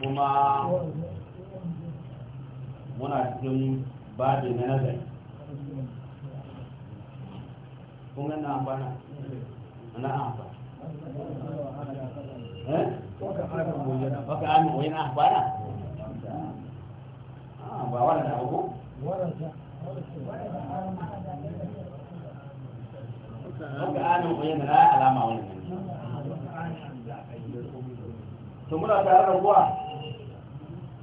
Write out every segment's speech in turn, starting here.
kuma muna cikin babi na nazari kun na amfana na amfana eh? baka amin amfana ah, ba wani da abu baka amin wani na alama wani to muna tare kuwa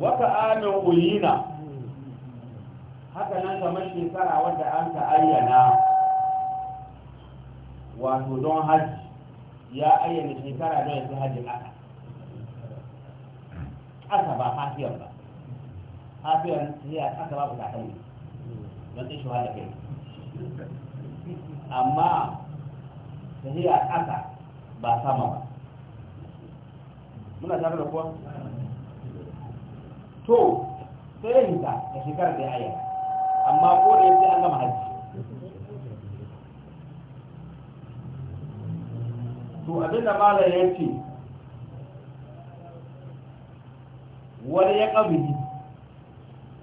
wata amin uyina haka nan kamar shekara wadda an ta ayyana wato don hajji ya ayyana shekara don ya hajji aka aka ba hafiyar ba hafiyar ya aka ba ku da kai don ta shuwa da kai amma ta aka ba sama ba muna tare da kuwa to sai ya hita da shekarar da ya aya amma ko da yake an gama haji to abin da malam ya ce wani ya ƙabili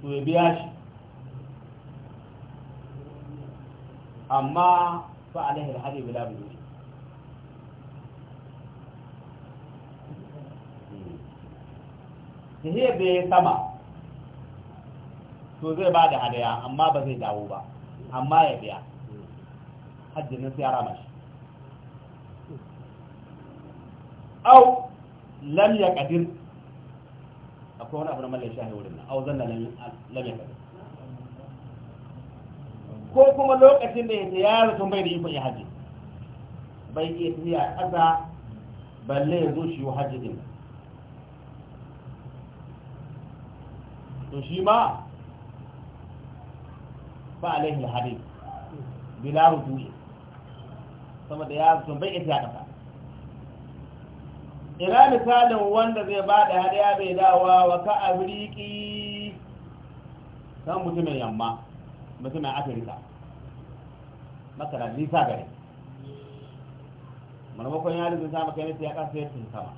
to ya biya shi amma fa alaihi alhadi bila biyu tahiyar ya sama to zai ba da hadaya amma ba zai dawo ba amma ya biya hajjin nasu ya rama shi au lam ya kadir akwai wani abu na mallar shahi wurin au au da lam ya kadir ko kuma lokacin da ya ce ya sun bai da ikon ya hajji bai iya tafiya ƙasa balle ya zo shi yi hajji din to shi ma ba alaihi alhadith bila hudud sama da ya sun bai ita kafa ina misalin wanda zai ba da hadiya bai dawa wa ka riƙi kan mutumin yamma mutumin afirka makarar nisa gare maimakon ya lizin sama kai ya kasa yadda sama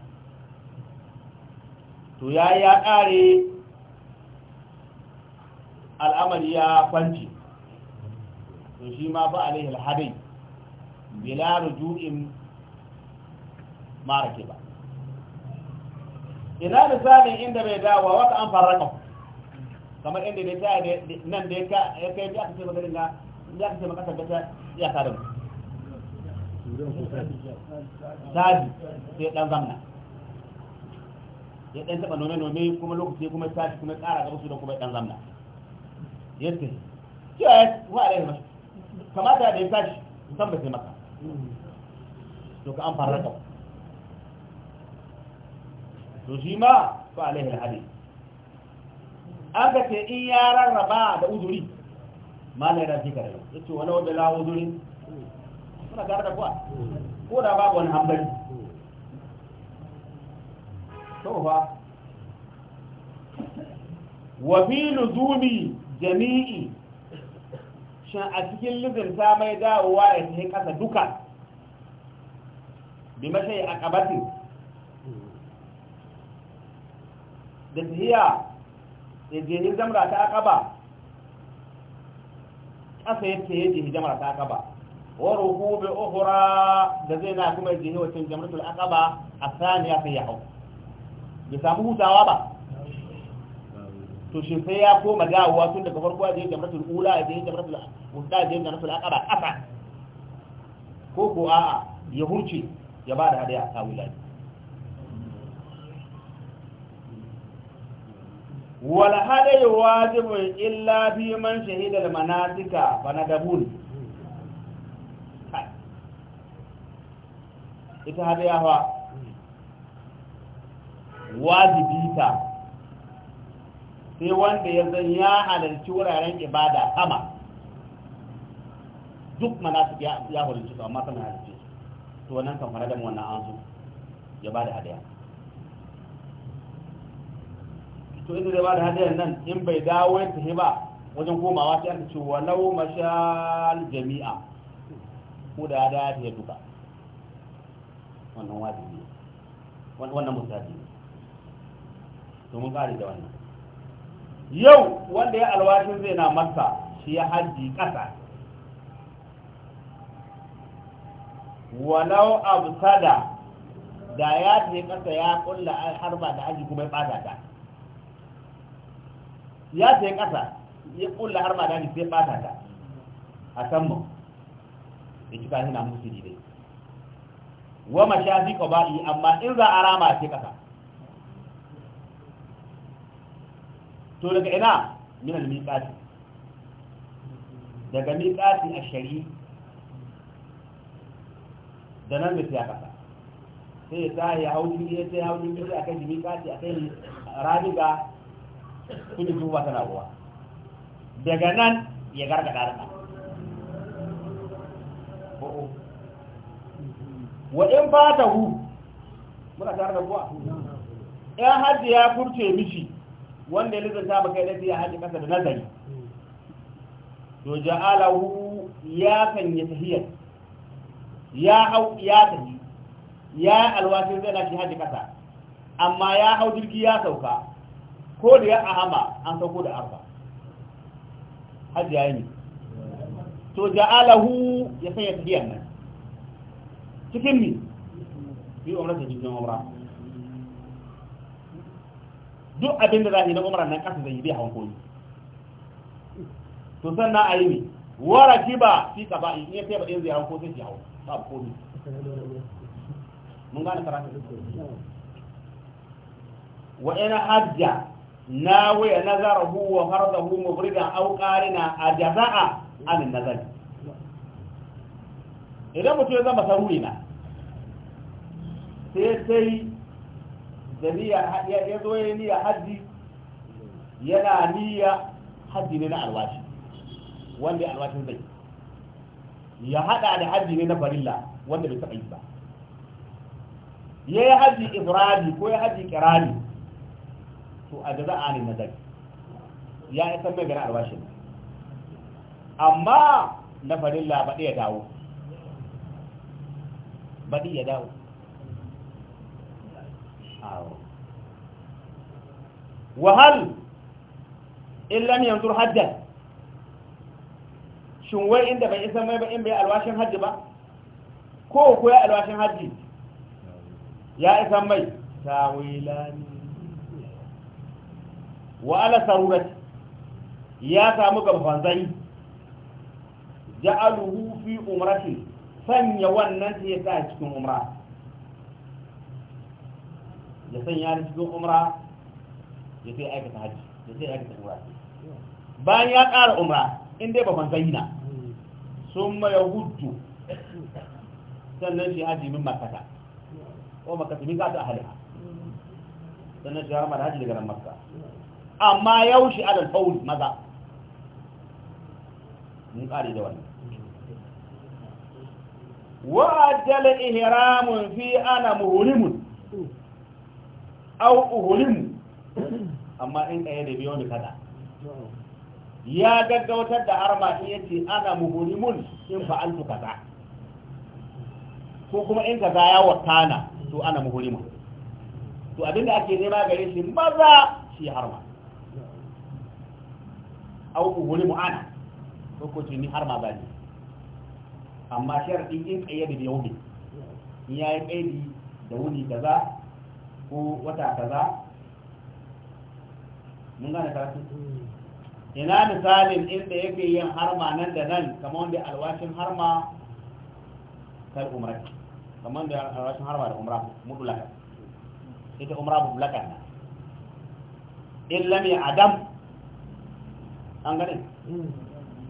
to ya yi ya ƙare al'amari ya kwanci to shi ma ba alaihi alhadai bila rujuin marake ba ina misalin inda bai dawa wata an farraka kamar inda da ta nan da ya kai ya kace maganin ga ya kace makasar da ta ya kada mu sadi sai dan zamna ya dan taba kuma lokaci kuma tashi kuma da kuma dan zamna yadda cewa ya wa alaihi mashi kamata da ya tashi musamman bai maka to ka an fara ka to shi ma fa alaihi alhadi an ka ce in ya rarraba da uzuri ma na yana fi kare ya ce wani wanda lawo uzuri suna gara da kuwa ko da babu wani hambari to fa wa fi luzumi jami'i shin a cikin lizinta mai dawowa ya ta kasa duka bi mashayi a kabatin da tahiya ya yi zamra ta akaba ƙasa ya ce ya yi zamra ta akaba waru ruku ohura da zai na kuma jehi wacin jamratul akaba a saniya sai ya hau bai samu hutawa ba to shi sai ya koma dawowa tun daga farko da yake jamratul ula da yake jamratul wusta da yake jamratul aqaba kafa ko ko a'a ya hurce ya ba da hadaya a kawo wal hadaya wajibu illa fi man shahida al manatika fa nadabun ita hadaya wa wajibi ta sai wanda ya zan ya halarci wuraren ibada sama duk su ya halarci su amma sana halarci to wannan kan fara da wannan an su ya bada hadaya to inda zai bada hadayan nan in bai dawo ya tafi ba wajen komawa sai aka ce walau mashal jami'a ko da ya ta ya duka wannan wajibi wannan musafi to mun kare da wannan yau wanda ya alwashin zai na masa shi ya hajji ƙasa walau sada da ya ce ƙasa ya ƙulla harba da aji kuma ya ɓata ta ya ce ƙasa ya ƙulla harba da aji sai ɓata ta a san mu da kika yana musu dai wa mashafi ƙabali amma in za a rama ce ƙasa to daga ina min al-miqati daga miqati ash-shari da nan da ya kasa sai ta ya hauji ya sai hauji ne sai akai miqati akai rabiga kuma ba tana ruwa daga nan ya gargada rana wa in fatahu muna tare da kuwa Ya hajji ya furce mishi wanda ya lizanta ba kai da ya haji kasa da nazari to ja'alahu ya ya tahiyar ya hau ya tafi ya alwashin zai na shi haji kasa amma ya hau jirgi ya sauka ko da ya ahama an sauko da arba haji ya yi to ja'alahu ya sanya tahiyar nan cikin ni yi umrata jirgin umra duk abin da zai na umara nan kasa zai bi bai to sanna ayi yi wara ki fi kaba'i in sai ba ɗin zai hawan ko sai ki hawan ba komi mun gane karatu wa ina hajja na waya nazarahu wa fardahu mubrida aw qarina ajaza'a an nazari idan mutum ya zama saruri sai sai da niyya ya zo ya niyya haji yana niyya haji ne na alwashi wanda ya alwashin zai ya hada da haji ne na farilla wanda bai taɓa yi ba ya yi haji ifradi ko ya haji kirani to a jaza a ne nazari ya isa mai gani albashin amma na farilla baɗi ya dawo baɗi ya dawo wahal illan lam yanzu haddan shin wai inda bai isa mai ba in bai alwashin hajji ba ko ko ya alwashin hajji ya isa mai tawilani wa ala sarurat ya samu gaban zai ja'aluhu fi umrati sanya wannan ta cikin umrati ya sanya ni cikin umra ya sai aikata hajji ya sai aikata umra bayan ya ƙara umra in dai yi na sun maya hudu sannan shi hajji min makata ko makata min kata halitta sannan shi harama da haji daga nan makka amma yau shi adal faul maza mun ƙare da wannan wa ajjala ihramun fi ana muhrimun au uhulin amma in ɗaya da biyu ne kada ya gaggautar da harma in yace ana muhulimun in fa'altu kaza ko kuma in kaza ya wakana to ana muhulimun to abinda ake nema gare shi maza shi harma au uhulimu ana ko ko ni harma ba ne amma sharadi in ɗaya da yau ne in yi kaidi da wuni kaza ko wata kaza mun gane karatu ina misalin inda yake yin harma nan da nan kamar wanda alwashin harma kar umra kamar wanda alwashin harma da umra mutulaka ita umra mutulaka na in lam ya adam an gane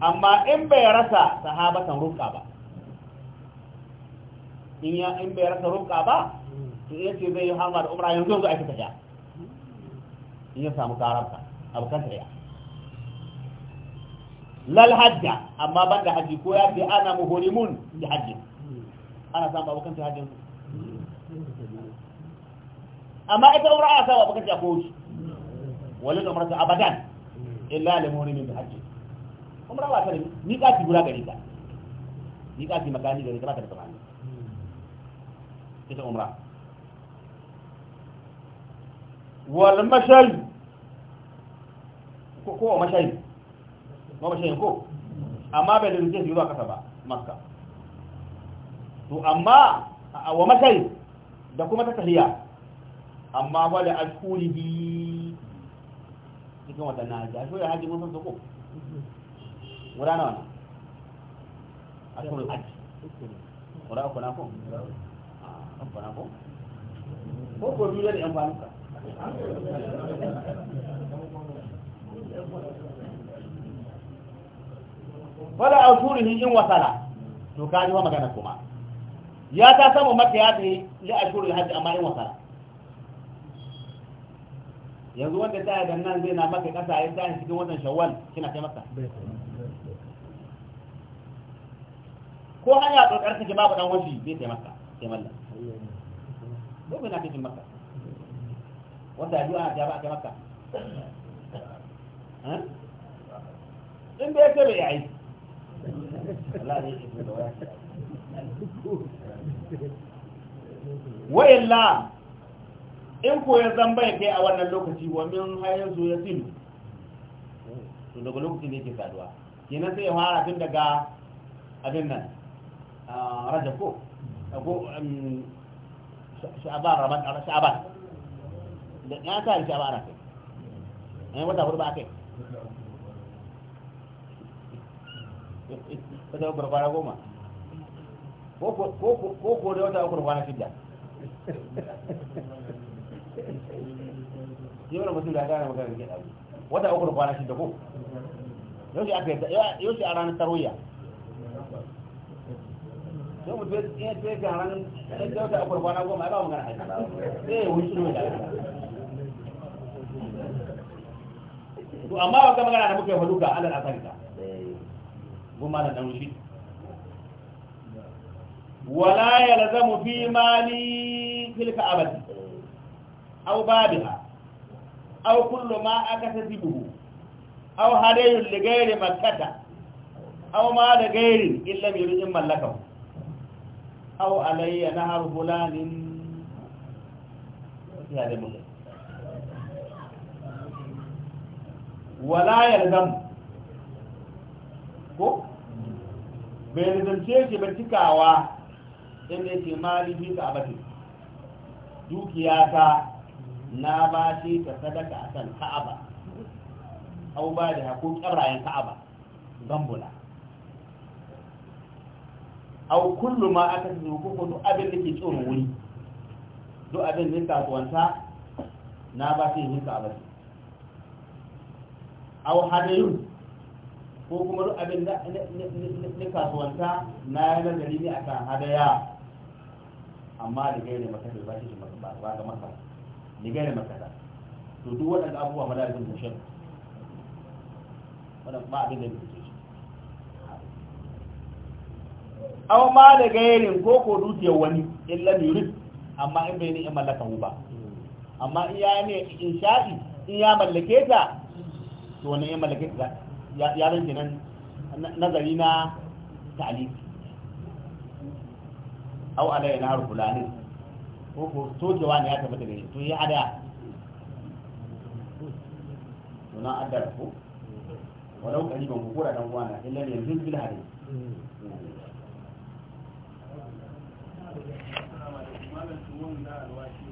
amma in bai rasa sahabatan rubka ba in ya in bai rasa rubka ba ya ce zai yi harma da umra yanzu yanzu ake tafiya in ya samu karanta abokan tafiya lal hajja amma ban da haji ko ya fi ana muhurimun da hajji ana samu abokan tafiya hajjin amma ita umra ana samu abokan tafiya ko wani da umarta abadan illa lil muhurimun da hajji umra ba ta ni kati gura gari ka ni kati makani gari ka ba ta da kamani ita umra wal mashal ko ko mashal ko mashal ko amma bai da zuke zuwa kasa ba makka to amma wa mashal da kuma ta tahiyya amma wala ashurihi cikin wata na ga shi haji mun san ko wura na ko na ko ko ko an fa yan wala a ni in wasala to ka ji wa magana kuma ya ta samu maka ya ta yi li a shurihi hajji amma in wasala yanzu wanda ta yi nan zai na maka kasa ya ta cikin wannan shawwal kina kai maka ko hanya tsokar take babu dan wasi zai taimaka taimalla dole na kai maka wanda addu'a ta ba ta maka in da ya kare ya yi wayalla in ko ya zamba ya kai a wannan lokaci wa min hayan su ya silu to daga lokaci ne ke saduwa kenan sai ya fara tun daga abin nan ah, rajako ko ko um, sha'aban sha'aban da ya ka yanci a bara kai wata hudu ba kai wata hudu kwana goma ko ko da wata hudu kwana shidda yau da mutum da gane magana ke ɗago wata uku da kwana shidda ko yau shi a ranar tarwiyya don mutum ya ce ga ranar tarwiyya wata uku da kwana goma ya ba magana hajji sai ya wuce da to amma wata magana da muka yi hudu ga alal asarika goma da dan shi wala yalzamu fi mali tilka abadi aw babiha aw kullu ma akasatibuhu aw hadayun li ghairi makkata aw ma da ghairi illa bi rijin mallakahu aw alayya nahar fulanin ya da mutum wala ya yalzam ko bai rizance shi ba cikawa inda yake malibi ka abatin dukiyata na ba shi ta sadaka a kan ka'aba au ba da haƙo ƙarrayen ka'aba zambula au kullu ma aka su ko duk abin da ke tsoron wuri duk abin da ya kasuwanta na ba shi yin ka'aba au hadayun ko kuma duk abin da ni kasuwanta na yi nazari ne akan hadaya amma da gaira da ba shi shi ba ga maka da gaira da to duk waɗanda abubuwa madarikin mushin waɗanda ba abin da ya shi Au ma da gairin ko ko dutiyar wani illa yurid amma in bai ne in mallaka ba amma in ya ne in sha'i in ya mallake ta to wannan ya mallake ya zan nan nazari na ta'aliki au alayya na har fulanin ko ko sokewa ne ya tabbata ne shi to ya ada to na ada ko walau kaliban ko kura dan uwana illa ne yanzu bil hadin